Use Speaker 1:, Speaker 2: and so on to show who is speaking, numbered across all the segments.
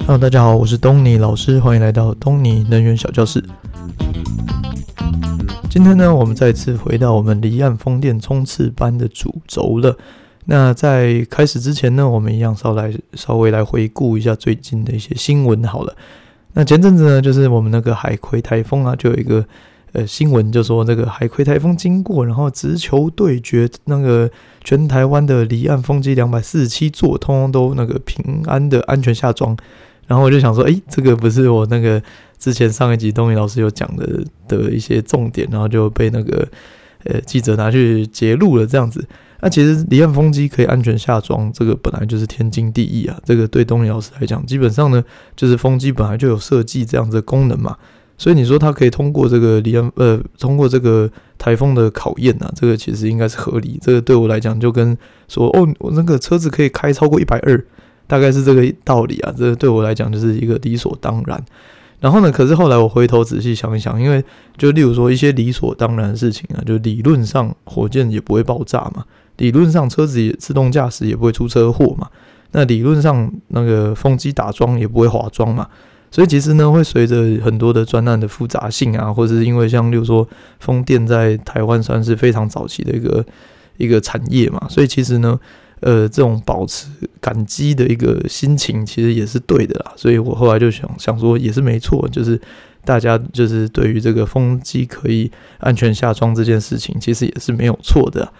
Speaker 1: Hello，大家好，我是東尼老師，歡迎來到東尼能源小教室。今天呢，我們再次回到我們離岸風電衝刺班的主軸了。那在開始之前呢，我們一樣稍來稍微來回顧一下最近的一些新聞好了。那前陣子呢，就是我們那個海葵台風啊，就有一個。呃，新聞就說那個海葵颱風經過，然後直球對決，那個全台灣的離岸風機兩百四十七座通通都那個平安的安全下裝。然後我就想說，誒、欸、這個不是我那個之前上一集東雲老師有講的的一些重點，然後就被那個呃記者拿去揭露了這樣子。那其實離岸風機可以安全下裝，這個本來就是天經地義啊。這個對東雲老師來講，基本上呢，就是風機本來就有設計這樣子的功能嘛。所以你說他可以通過這個離岸呃，通過這個颱風的考驗啊，這個其實應該是合理。這個對我來講就跟說哦，我那個車子可以開超過一百二，大概是這個道理啊。這個對我來講就是一個理所當然。然後呢，可是後來我回頭仔細想一想，因為就例如說一些理所當然的事情啊，就理論上火箭也不會爆炸嘛，理論上車子也自動駕駛也不會出車禍嘛，那理論上那個風機打樁也不會滑樁嘛。所以其實呢，會隨着很多的專案的複雜性啊，或是因為像，例如說，風電在台灣算是非常早期的一個一個產業嘛，所以其實呢，呃，這種保持感激的一個心情，其實也是對的啦。所以我後來就想想說，也是沒錯，就是大家就是對於這個風機可以安全下裝這件事情，其實也是沒有錯的啦。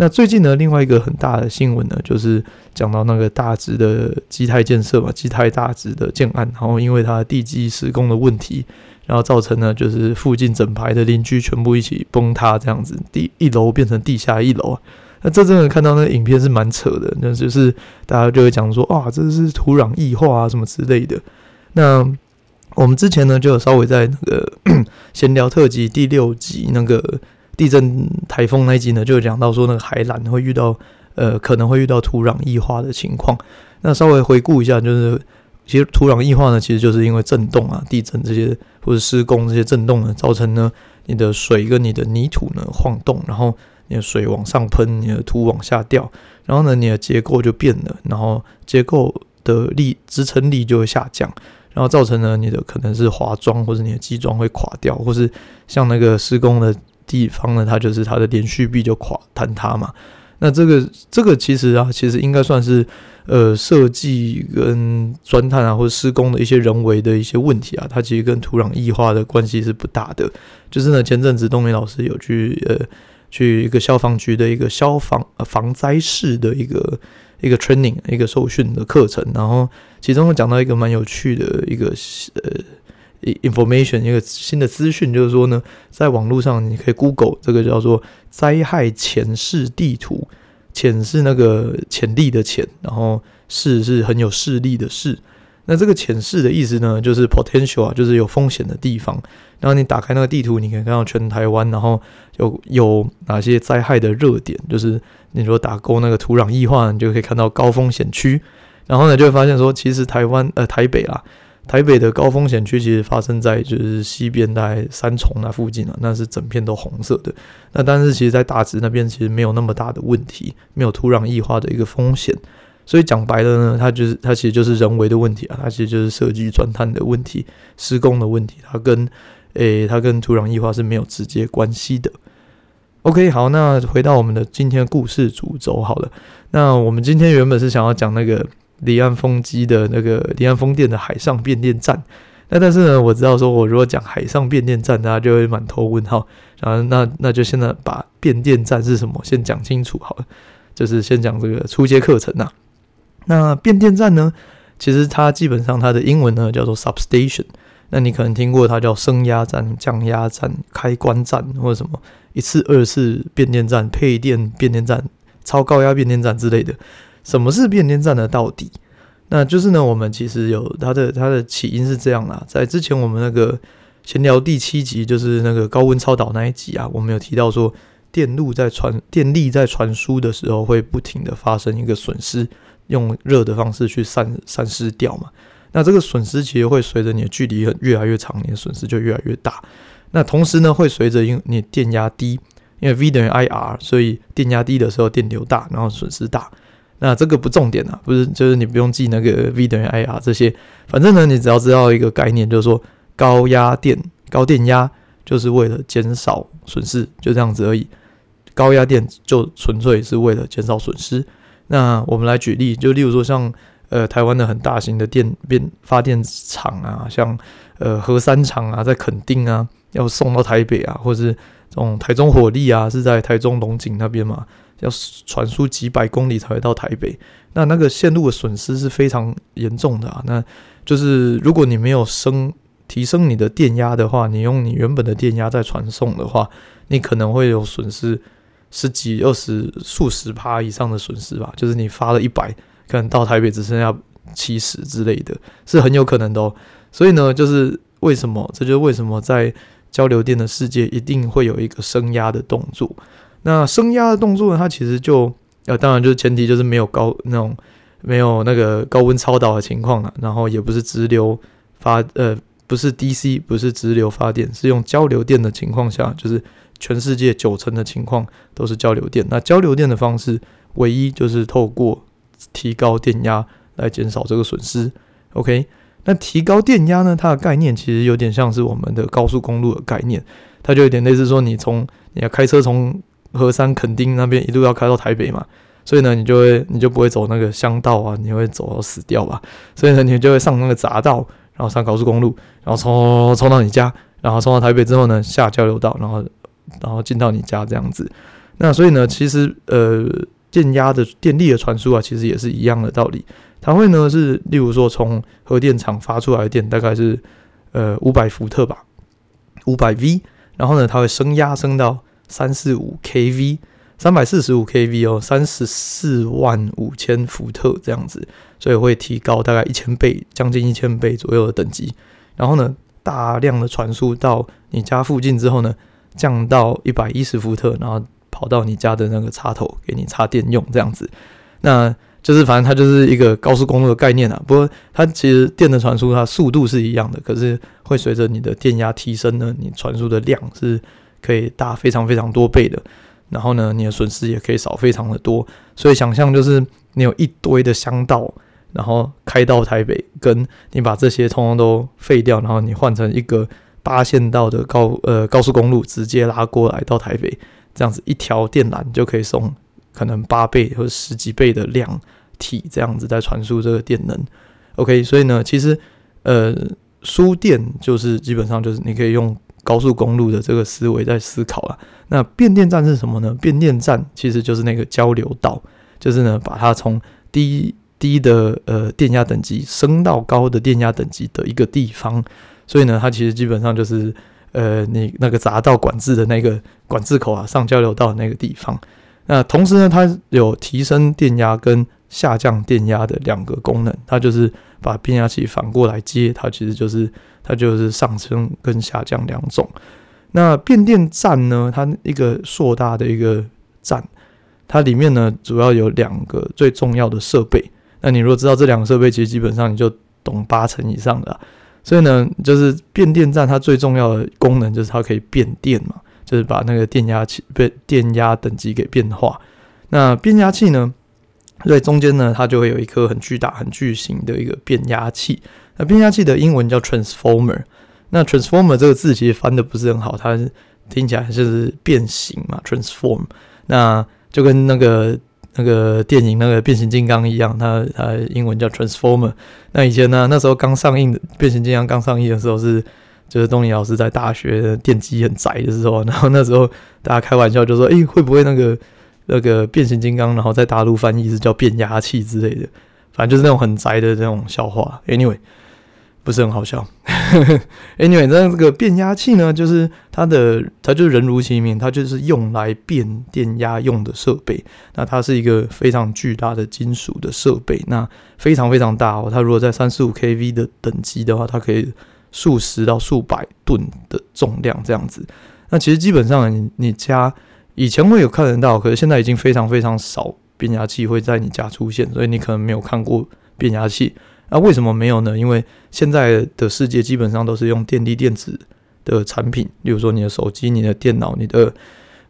Speaker 1: 那最近呢，另外一個很大的新聞呢，就是講到那個大直的基泰建設嘛，基泰大直的建案，然後因為它的地基施工的問題，然後造成呢，就是附近整排的鄰居全部一起崩塌，這樣子，地一樓變成地下一樓啊。那這真的看到那個影片是蠻扯的，那就是大家就會講說啊，這是土壤液化啊什麼之類的。那我們之前呢，就有稍微在那個閒 聊特輯第六集那個。地震、颱風那一集呢，就有講到說那個海纜會遇到呃，可能會遇到土壤液化的情況。那稍微回顧一下，就是其實土壤液化呢，其實就是因為震動啊、地震這些或者施工這些震動呢，造成呢你的水跟你的泥土呢晃動，然後你的水往上噴，你的土往下掉，然後呢你的結構就變了，然後結構的力支撐力就會下降，然後造成呢你的可能是滑樁或是你的基樁會垮掉，或是像那個施工的。地方呢，它就是它的連續壁就垮坍塌嘛。那這個這個其實啊，其實應該算是呃設計跟鑽探啊，或者施工的一些人為的一些問題啊，它其實跟土壤液化的關係是不大的。就是呢，前陣子東梅老師有去呃去一個消防局的一個消防、呃、防災室的一個一個 training 一個受訓的課程，然後其中講到一個蠻有趣的一個呃。Information，一個新的資訊，就是說呢，在網絡上你可以 Google 這個叫做“災害潛勢地圖”，潛是那個潛力的潛，然後勢是很有勢力的勢。那這個潛勢的意思呢，就是 potential 啊，就是有風險的地方。然後你打開那個地圖，你可以看到全台灣，然後有有哪些災害的熱點，就是你說打勾那個土壤液化，你就可以看到高風險區。然後呢，就會發現說，其實台灣呃台北啊。台北的高風險區其實發生在就是西邊在三重那附近啊，那是整片都紅色的。那但是其實，在大直那邊其實沒有那麼大的問題，沒有土壤液化的一個風險。所以講白了呢，它就是它其實就是人為的問題啊，它其實就是設計鑽探的問題、施工的問題，它跟誒、欸、它跟土壤液化是沒有直接關係的。OK，好，那回到我們的今天的故事主軸好了。那我們今天原本是想要講那個。離岸風機的那個離岸風電的海上變電站，那但是呢，我知道說我如果講海上變電站，大家就會滿頭問號。然後那那那就現在把變電站是什麼先講清楚好了，就是先講這個初階課程吶、啊。那變電站呢，其實它基本上它的英文呢叫做 substation。那你可能聽過它叫升壓站、降壓站、開關站或者什麼一次、二次變電站、配電變電站、超高壓變電站之類的。什麼是變電站的到底？那就是呢，我們其實有它的它的起因是這樣啦，在之前我們那個閒聊第七集，就是那個高溫超導那一集啊，我們有提到說，電路在傳電力在傳輸的時候會不停的發生一個損失，用熱的方式去散散失掉嘛。那這個損失其實會隨着你的距離很越來越長，你的損失就越來越大。那同時呢，會隨着因為你電壓低，因為 V 等於 IR，所以電壓低的時候電流大，然後損失大。那這個不重點啊，不是，就是你不用記那個 V 等於 I R 這些，反正呢，你只要知道一個概念，就是說高壓電、高電壓就是為了減少損失，就這樣子而已。高壓電就純粹是為了減少損失。那我們來舉例，就例如說像呃台灣的很大型的電變發電廠啊，像呃核三廠啊，在墾丁啊，要送到台北啊，或是這種台中火力啊，是在台中龍井那邊嘛。要傳輸幾百公里才會到台北，那那個線路的損失是非常嚴重的啊。那就是如果你沒有升，提升你的電壓的話，你用你原本的電壓再傳送的話，你可能會有損失十幾、二十、數十趴以上的損失吧。就是你發了一百，可能到台北只剩下七十之類的，是很有可能的哦。所以呢，就是為什麼，這就是為什麼在交流電的世界一定會有一個升壓的動作。那升壓的動作呢？它其實就呃，當然就是前提就是沒有高那種沒有那個高溫超導的情況了啊，然後也不是直流發呃，不是 DC，不是直流發電，是用交流電的情況下，就是全世界九成的情況都是交流電。那交流電的方式，唯一就是透過提高電壓來減少這個損失。OK，那提高電壓呢？它的概念其實有點像是我們的高速公路的概念，它就有點類似說你從你要開車從。河山墾丁那邊一路要開到台北嘛，所以呢，你就會你就不會走那個鄉道啊，你會走死掉吧？所以呢，你就會上那個匝道，然後上高速公路，然後衝冲衝到你家，然後衝到台北之後呢，下交流道，然後然後進到你家這樣子。那所以呢，其實呃，電壓的電力的傳輸啊，其實也是一樣的道理。它會呢是，例如說從核電廠發出來的電大概是呃五百伏特吧，五百 V，然後呢，它會升壓升到。三四五 kV，三百四十五 kV 哦，三十四萬五千伏特這樣子，所以會提高大概一千倍，將近一千倍左右的等級。然後呢，大量的傳輸到你家附近之後呢，降到一百一十伏特，然後跑到你家的那個插頭，給你插電用這樣子。那就是反正它就是一個高速公路的概念啊。不過它其實電的傳輸，它速度是一樣的，可是會隨着你的電壓提升呢，你傳輸的量是。可以大非常非常多倍的，然後呢，你的損失也可以少非常的多，所以想象就是你有一堆的鄉道，然後開到台北，跟你把這些通通都廢掉，然後你換成一個八線道的高呃高速公路，直接拉過來到台北，這樣子一條電纜就可以送可能八倍或者十幾倍的量體，這樣子在傳輸這個電能，OK，所以呢，其實呃輸電就是基本上就是你可以用。高速公路的這個思維在思考了，那變電站是什麼呢？變電站其實就是那個交流道，就是呢把它從低低的呃電壓等級升到高的電壓等級的一個地方，所以呢它其實基本上就是呃你那個匝道管制的那個管制口啊，上交流道的那個地方。那同時呢它有提升電壓跟下降電壓的兩個功能，它就是把變壓器反過來接，它其實就是。它就是上升跟下降兩種。那變電站呢？它一個碩大的一個站，它裡面呢主要有兩個最重要的設備。那你如果知道這兩個設備，其實基本上你就懂八成以上的。所以呢，就是變電站它最重要的功能就是它可以變電嘛，就是把那個電壓器被電壓等級給變化。那變壓器呢？在中間呢，它就會有一顆很巨大、很巨型的一個變壓器。那變壓器的英文叫 transformer。那 transformer 這個字其實翻得不是很好，它聽起來就是變形嘛，transform。那就跟那個那個電影那個變形金剛一樣，它它英文叫 transformer。那以前呢，那時候剛上映的變形金剛剛上映的時候是，是就是東尼老師在大學電機很宅的時候，然後那時候大家開玩笑就說，哎，會不會那個那個變形金剛，然後在大陸翻譯是叫變壓器之類的？反正就是那種很宅的這種笑話。Anyway。不是很好笑，笑，Anyway，那這個變壓器呢，就是它的，它就是人如其名，它就是用來變電壓用的設備。那它是一個非常巨大的金屬的設備，那非常非常大哦。它如果在三十五 kV 的等級的話，它可以數十到數百噸的重量這樣子。那其實基本上你家以前會有看得到，可是現在已經非常非常少變壓器會在你家出現，所以你可能沒有看過變壓器。那、啊，為什麼沒有呢？因為現在的世界基本上都是用電力電子的產品，例如說你的手機、你的電腦、你的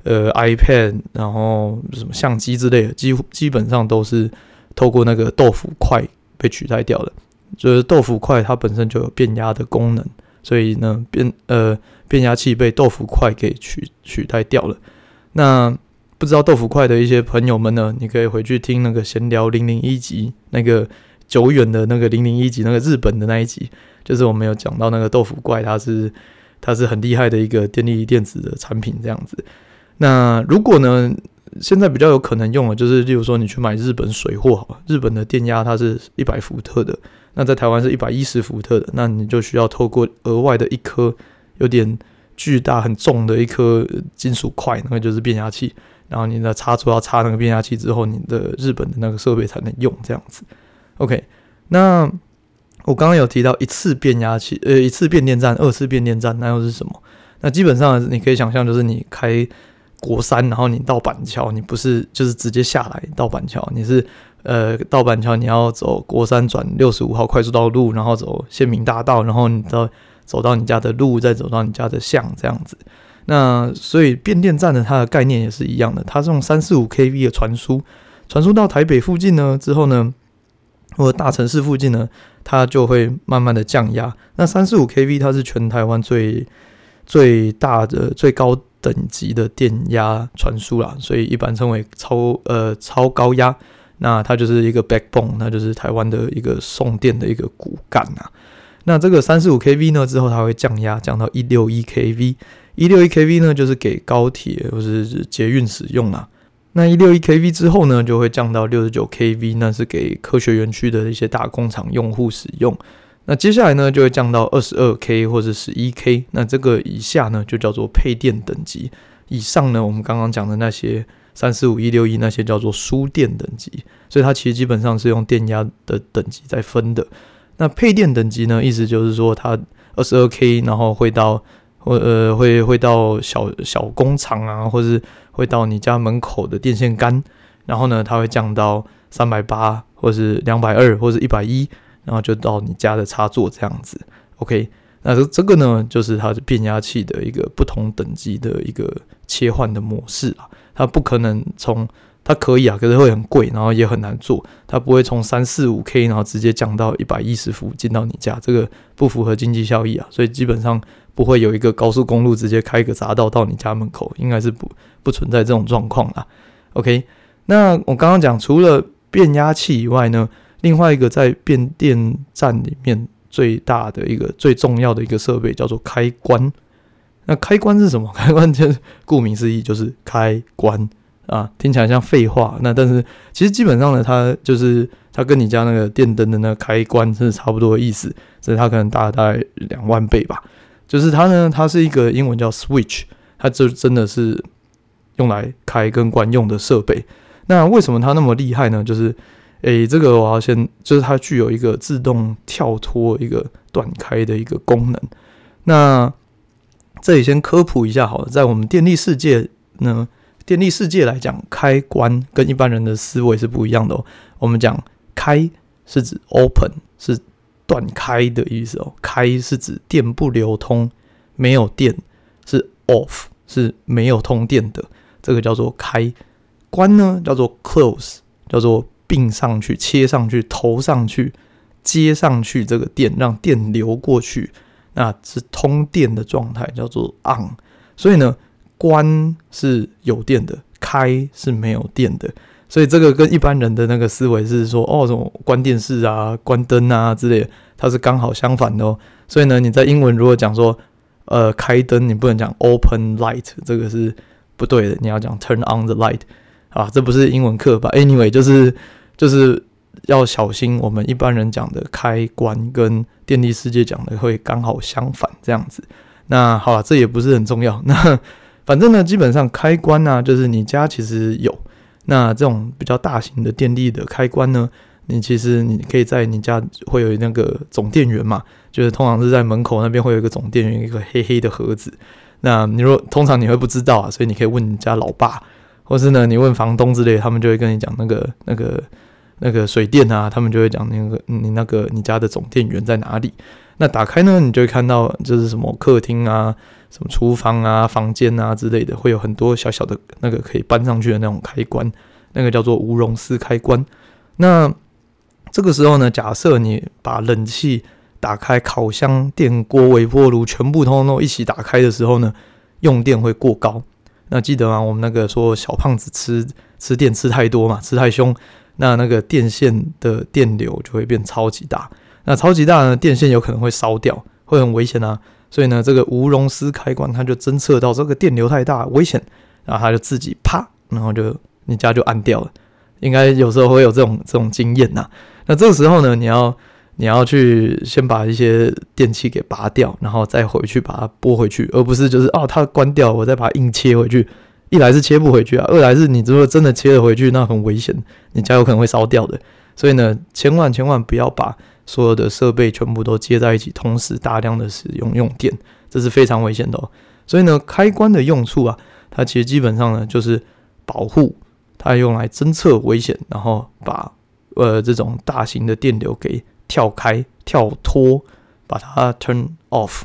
Speaker 1: 呃 iPad，然後什麼相機之類的，幾乎基本上都是透過那個豆腐塊被取代掉了。就是豆腐塊它本身就有變壓的功能，所以呢變呃變壓器被豆腐塊給取取代掉了。那不知道豆腐塊的一些朋友們呢，你可以回去聽那個閒聊零零一集那個。久遠的那個零零一集，那個日本的那一集，就是我們有講到那個豆腐怪，它是它是很厲害的一個電力電子的產品這樣子。那如果呢，現在比較有可能用的，就是例如說你去買日本水貨好了，日本的電壓它是一百伏特的，那在台灣是一百一十伏特的，那你就需要透過額外的一顆有點巨大、很重的一顆金屬塊，那個就是變壓器，然後你的插座要插那個變壓器之後，你的日本的那個設備才能用這樣子。OK，那我剛剛有提到一次變壓器，呃，一次變電站、二次變電站，那又是什麼？那基本上你可以想象，就是你開國三，然後你到板橋，你不是就是直接下來到板橋，你是呃到板橋，你要走國三轉六十五號快速道路，然後走縣民大道，然後你到走到你家的路，再走到你家的巷這樣子。那所以變電站的它的概念也是一樣的，它是用三四五 kV 的傳輸傳輸到台北附近呢之後呢。如果大城市附近呢，它就會慢慢的降壓。那345 kV 它是全台灣最最大的最高等級的電壓傳輸啦，所以一般稱為超呃超高壓。那它就是一個 backbone，那就是台灣的一個送電的一個骨幹吶，啊。那這個345 kV 呢之後，它會降壓降到一六一 kV，一六一 kV 呢就是給高鐵就是捷運使用啦。那一六一 kV 之後呢，就會降到六十九 kV，那是給科學園區的一些大工廠用戶使用。那接下來呢，就會降到二十二 k 或者十一 k，那這個以下呢，就叫做配電等級；以上呢，我們剛剛講的那些三四五、一六一那些叫做輸電等級。所以它其實基本上是用電壓的等級在分的。那配電等級呢，意思就是說，它二十二 k，然後會到。或呃會會到小小工廠啊，或者是會到你家門口的電線杆，然後呢，它會降到三百八，或是兩百二，或者是一百一，然後就到你家的插座這樣子。OK，那這個呢，就是它的變壓器的一個不同等級的一個切換的模式啊，它不可能從。它可以啊，可是會很貴，然後也很難做。它不會從三四五 k，然後直接降到一百一十伏進到你家，這個不符合經濟效益啊，所以基本上不會有一個高速公路直接開個匝道到你家門口，應該是不不存在這種狀況啊。OK，那我剛剛講除了變壓器以外呢，另外一個在變電站裡面最大的一個最重要的一個設備叫做開關。那開關是什麼？開關就是，顧名思義就是開關。啊，聽起來像廢話。那但是其實基本上呢，它就是它跟你家那個電燈的那個開關是差不多的意思。所以它可能大大概兩萬倍吧。就是它呢，它是一個英文叫 switch，它就真的是用來開跟關用的設備。那為什麼它那麼厲害呢？就是誒、欸，這個我要先，就是它具有一個自動跳脫、一個斷開的一個功能。那這裡先科普一下好了，在我們電力世界呢。電力世界來講，開關跟一般人的思維是不一樣的哦。我們講開是指 open 是斷開的意思哦，開是指電不流通，沒有電是 off 是沒有通電的，這個叫做開。關呢叫做 close，叫做併上去、切上去、投上去、接上去，這個電讓電流過去，那是通電的狀態，叫做 on。所以呢。關是有電的，開是沒有電的，所以這個跟一般人的那個思維是說，哦，什麼關電視啊，關燈啊之類的，它是剛好相反的哦。所以呢，你在英文如果講說，呃，開燈，你不能講 open light，這個是不對的，你要講 turn on the light，啊，這不是英文課吧？Anyway，就是就是要小心我們一般人講的開關跟電力世界講的會剛好相反這樣子。那好啦，這也不是很重要。那反正呢，基本上開關呢、啊，就是你家其實有那這種比較大型的電力的開關呢。你其實你可以在你家會有那個總電源嘛，就是通常是在門口那邊會有一個總電源，一個黑黑的盒子。那你如果通常你會不知道啊，所以你可以問你家老爸，或是呢你問房東之類，他們就會跟你講那個那個那個水電啊，他們就會講那個你那個你家的總電源在哪裡。那打開呢，你就會看到就是什麼客廳啊、什麼廚房啊、房間啊之類的，會有很多小小的那個可以搬上去的那種開關，那個叫做無熔絲開關。那這個時候呢，假設你把冷氣打開、烤箱、電鍋、微波爐全部通通都一起打開的時候呢，用電會過高。那記得啊，我們那個說小胖子吃吃電吃太多嘛，吃太凶，那那個電線的電流就會變超級大。那超級大的電線有可能會燒掉，會很危險啊。所以呢，這個無熔絲開關它就偵測到這個電流太大，危險，然後它就自己啪，然後就你家就按掉了。應該有時候會有這種這種經驗吶、啊。那這時候呢，你要你要去先把一些電器給拔掉，然後再回去把它撥回去，而不是就是哦它關掉，我再把它硬切回去。一來是切不回去啊，二來是你如果真的切了回去，那很危險，你家有可能會燒掉的。所以呢，千萬千萬不要把。所有的設備全部都接在一起，同時大量的使用用電，這是非常危險的哦。所以呢，開關的用處啊，它其實基本上呢就是保護，它用來偵測危險，然後把呃這種大型的電流給跳開、跳脫，把它 turn off，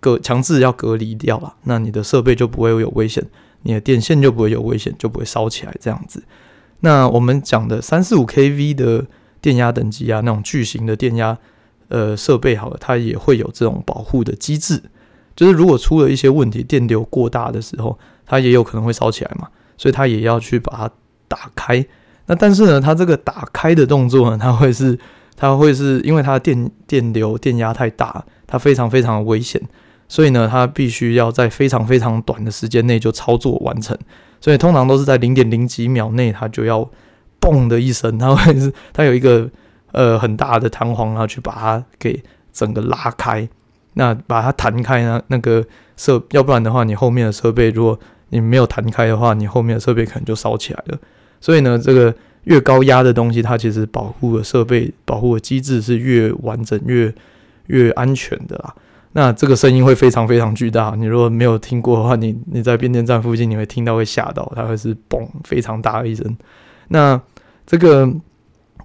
Speaker 1: 隔強制要隔離掉了。那你的設備就不會有危險，你的電線就不會有危險，就不會燒起來這樣子。那我們講的三四五 kV 的，電壓等級啊，那種巨型的電壓，呃，設備好了，它也會有這種保護的機制。就是如果出了一些問題，電流過大的時候，它也有可能會燒起來嘛，所以它也要去把它打開。那但是呢，它這個打開的動作呢，它會是，它會是因為它的電電流電壓太大，它非常非常的危險，所以呢，它必須要在非常非常短的時間內就操作完成。所以通常都是在零點零幾秒內，它就要。嘣的一聲，它會是它有一個呃很大的彈簧，然後去把它給整個拉開，那把它彈開呢，那個設，要不然的話，你後面的設備，如果你沒有彈開的話，你後面的設備可能就燒起來了。所以呢，這個越高壓的東西，它其實保護的設備保護的機制是越完整、越越安全的啦。那這個聲音會非常非常巨大，你如果沒有聽過的話，你你在變電站附近，你會聽到會嚇到，它會是嘣非常大的一聲。那這個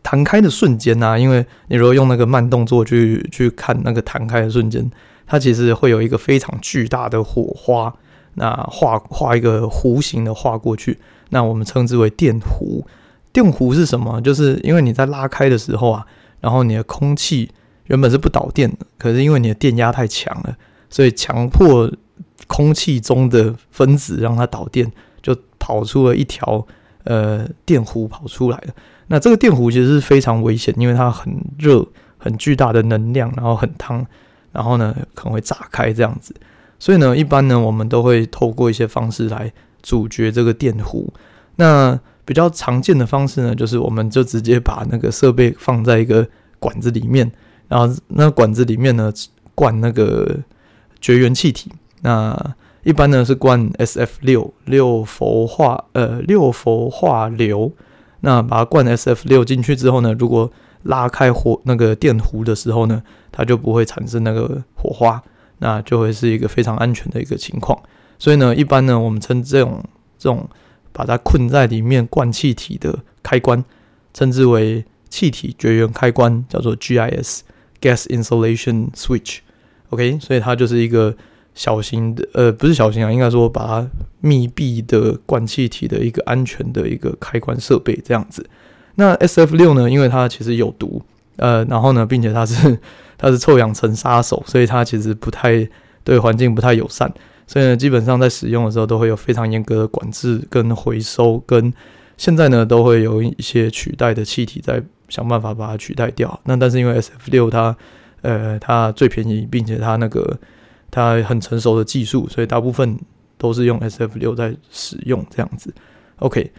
Speaker 1: 彈開的瞬間呢？因為你如果用那個慢動作去去看那個彈開的瞬間，它其實會有一個非常巨大的火花。那畫畫一個弧形的畫過去，那我們稱之為電弧。電弧是什麼？就是因為你在拉開的時候啊，然後你的空氣原本是不導電的，可是因為你的電壓太強了，所以強迫空氣中的分子讓它導電，就跑出了一條。呃，電弧跑出來了。那這個電弧其實是非常危險，因為它很熱、很巨大的能量，然後很燙，然後呢，可能會炸開這樣子。所以呢，一般呢我們都會透過一些方式來阻絕這個電弧。那比較常見的方式呢，就是我們就直接把那個設備放在一個管子裡面，然後那管子裡面呢，灌那個絕緣氣體。那一般呢是灌 SF 六氟、呃、六氟化呃六氟化硫，那把它灌 SF 六進去之後呢，如果拉開火那個電弧的時候呢，它就不會產生那個火花，那就會是一個非常安全的一個情況。所以呢，一般呢我們稱這種這種把它困在裡面灌氣體的開關，稱之為氣體絕緣開關，叫做 GIS（Gas Insulation Switch）。OK，所以它就是一個。小型的呃不是小型啊，應該說把它密閉的管氣體的一個安全的一個開關設備這樣子。那 S F 六呢，因為它其實有毒，呃，然後呢，並且它是它是臭氧層殺手，所以它其實不太對環境不太友善，所以呢，基本上在使用的時候都會有非常嚴格的管制跟回收，跟現在呢都會有一些取代的氣體在想辦法把它取代掉。那但是因為 S F 六它呃它最便宜，並且它那個。它很成熟的技術，所以大部分都是用 SF 六在使用這樣子。OK，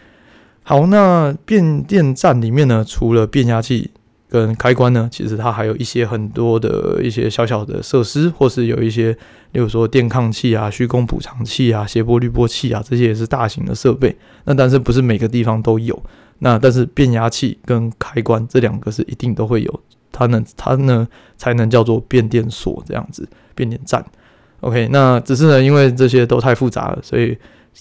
Speaker 1: 好，那變電站裡面呢，除了變壓器跟開關呢，其實它還有一些很多的一些小小的設施，或是有一些，例如說電抗器啊、虛功補償器啊、諧波濾波器啊，這些也是大型的設備。那但是不是每個地方都有。那但是變壓器跟開關這兩個是一定都會有，它能它呢才能叫做變電所這樣子，變電站。OK，那只是呢，因為這些都太複雜了，所以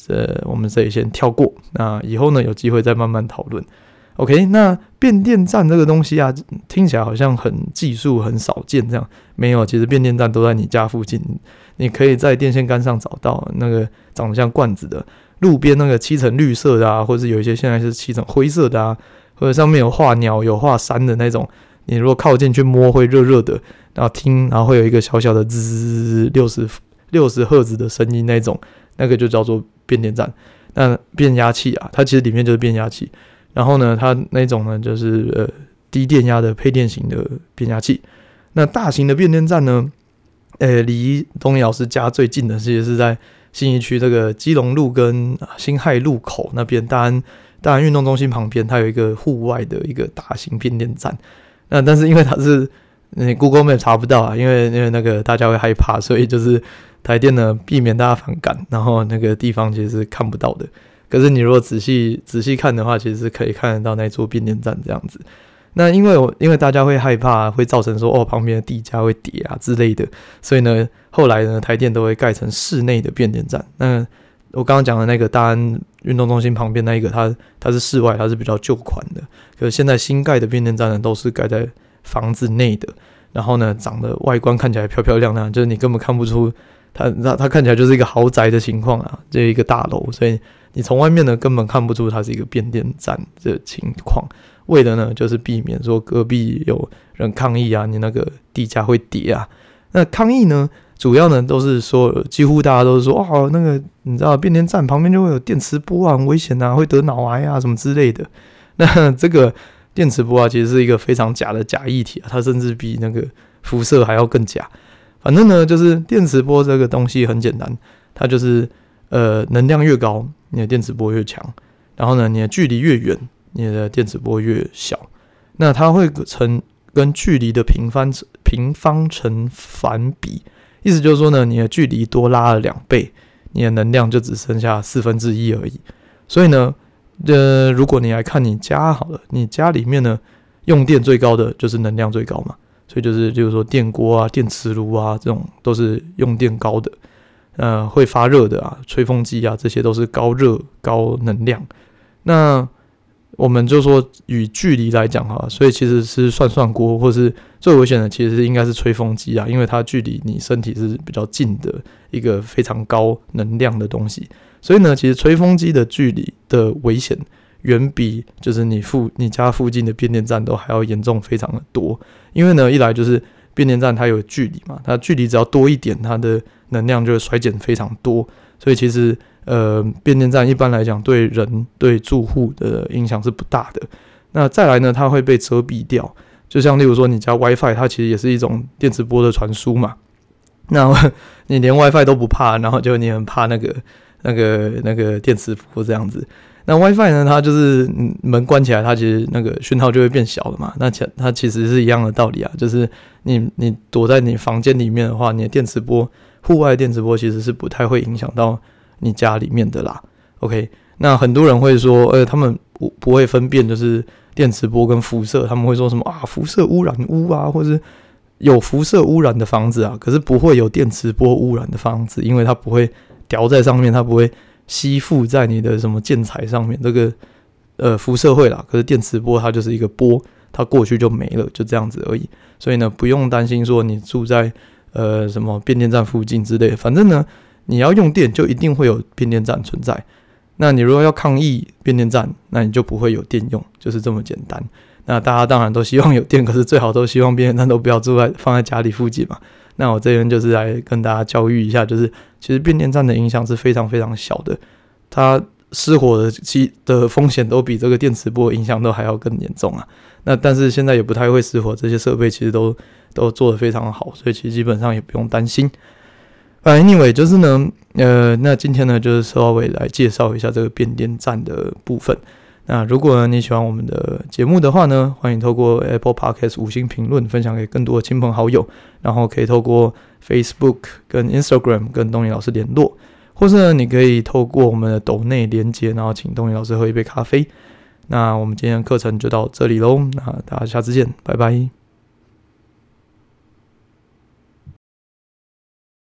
Speaker 1: 呃，我們這裡先跳過。那以後呢，有機會再慢慢討論。OK，那變電站這個東西啊，聽起來好像很技術、很少見這樣。沒有，其實變電站都在你家附近，你可以在電線桿上找到那個長得像罐子的，路邊那個漆成綠色的啊，或者有一些現在是漆成灰色的啊，或者上面有畫鳥、有畫山的那種。你如果靠近去摸，會熱熱的。然後聽，然後會有一個小小的滋滋滋，六十六十赫茲的聲音那種，那個就叫做變電站。那變壓器啊，它其實裡面就是變壓器。然後呢，它那種呢就是呃低電壓的配電型的變壓器。那大型的變電站呢，呃，離東尼老師家最近的其實是在信義區這個基隆路跟辛亥路口那邊，大安大安運動中心旁邊，它有一個戶外的一個大型變電站。那但是因為它是你 Google Maps 也查不到啊，因為因為那個大家會害怕，所以就是台電呢，避免大家反感，然後那個地方其實是看不到的。可是你如果仔細仔細看的話，其實是可以看得到那座變電站這樣子。那因為我因為大家會害怕，會造成說哦旁邊的地價會跌啊之類的，所以呢後來呢台電都會蓋成室內的變電站。那我剛剛講的那個大安運動中心旁邊那一個，它它是室外，它是比較舊款的。可是現在新蓋的變電站呢，都是蓋在房子內的，然後呢，長得外觀看起來漂漂亮亮，就是你根本看不出它，那它看起來就是一個豪宅的情況啊，這一個大樓，所以你從外面呢根本看不出它是一個變電站的情況。為的呢，就是避免說隔壁有人抗議啊，你那個地價會跌啊。那抗議呢，主要呢都是說，幾乎大家都是說，哇、哦，那個你知道變電站旁邊就會有電磁波啊，很危險啊，會得腦癌啊什麼之類的。那這個。電磁波啊，其實是一個非常假的假議題，啊，它甚至比那個輻射還要更假。反正呢，就是電磁波這個東西很簡單，它就是呃，能量越高，你的電磁波越強；然後呢，你的距離越遠，你的電磁波越小。那它會成跟距離的平方平方成反比，意思就是說呢，你的距離多拉了兩倍，你的能量就只剩下四分之一而已。所以呢。呃，如果你來看你家好了，你家裡面呢用電最高的就是能量最高嘛，所以就是就是說電鍋啊、電磁爐啊這種都是用電高的，呃，會發熱的啊，吹風機啊，這些都是高熱高能量。那我們就說與距離來講哈，所以其實是涮涮鍋，或是最危險的其實應該是吹風機啊，因為它距離你身體是比較近的一個非常高能量的東西。所以呢，其實吹風機的距離的危險遠比就是你附你家附近的變電站都還要嚴重非常的多。因為呢，一來就是變電站它有距離嘛，它距離只要多一點，它的能量就會衰減非常多。所以其實呃，變電站一般來講對人對住戶的影響是不大的。那再來呢，它會被遮蔽掉。就像例如說你家 WiFi，它其實也是一種電磁波的傳輸嘛。那你連 WiFi 都不怕，然後就你很怕那個。那個那個電磁波這樣子，那 WiFi 呢？它就是門關起來，它其實那個訊號就會變小了嘛。那其它其實是一樣的道理啊，就是你你躲在你房間裡面的話，你的電磁波，戶外的電磁波其實是不太會影響到你家裡面的啦。OK，那很多人會說，呃，他們不不會分辨就是電磁波跟輻射，他們會說什麼啊，輻射污染屋啊，或者是有輻射污染的房子啊，可是不會有電磁波污染的房子，因為它不會。吊在上面，它不會吸附在你的什麼建材上面，這個呃輻射會啦。可是電磁波它就是一個波，它過去就沒了，就這樣子而已。所以呢，不用擔心說你住在呃什麼變電站附近之類的。反正呢，你要用電就一定會有變電站存在。那你如果要抗議變電站，那你就不會有電用，就是這麼簡單。那大家當然都希望有電，可是最好都希望變電站都不要住在放在家裡附近嘛。那我這邊就是來跟大家教育一下，就是其實變電站的影響是非常非常小的，它失火的機的風險都比這個電磁波影響都還要更嚴重啊。那但是現在也不太會失火，這些設備其實都都做的非常好，所以其實基本上也不用擔心。Anyway, 就是呢，呃，那今天呢，就是稍微來介紹一下這個變電站的部分。那如果你喜歡我們的節目的話呢，歡迎透過 Apple Podcast 五星評論分享給更多的親朋好友。然後可以透過 Facebook 跟 Instagram 跟東尼老師聯絡，或是呢你可以透過我們的抖內連接，然後請東尼老師喝一杯咖啡。那我們今天的課程就到這裡嘍，那大家下次見，拜拜。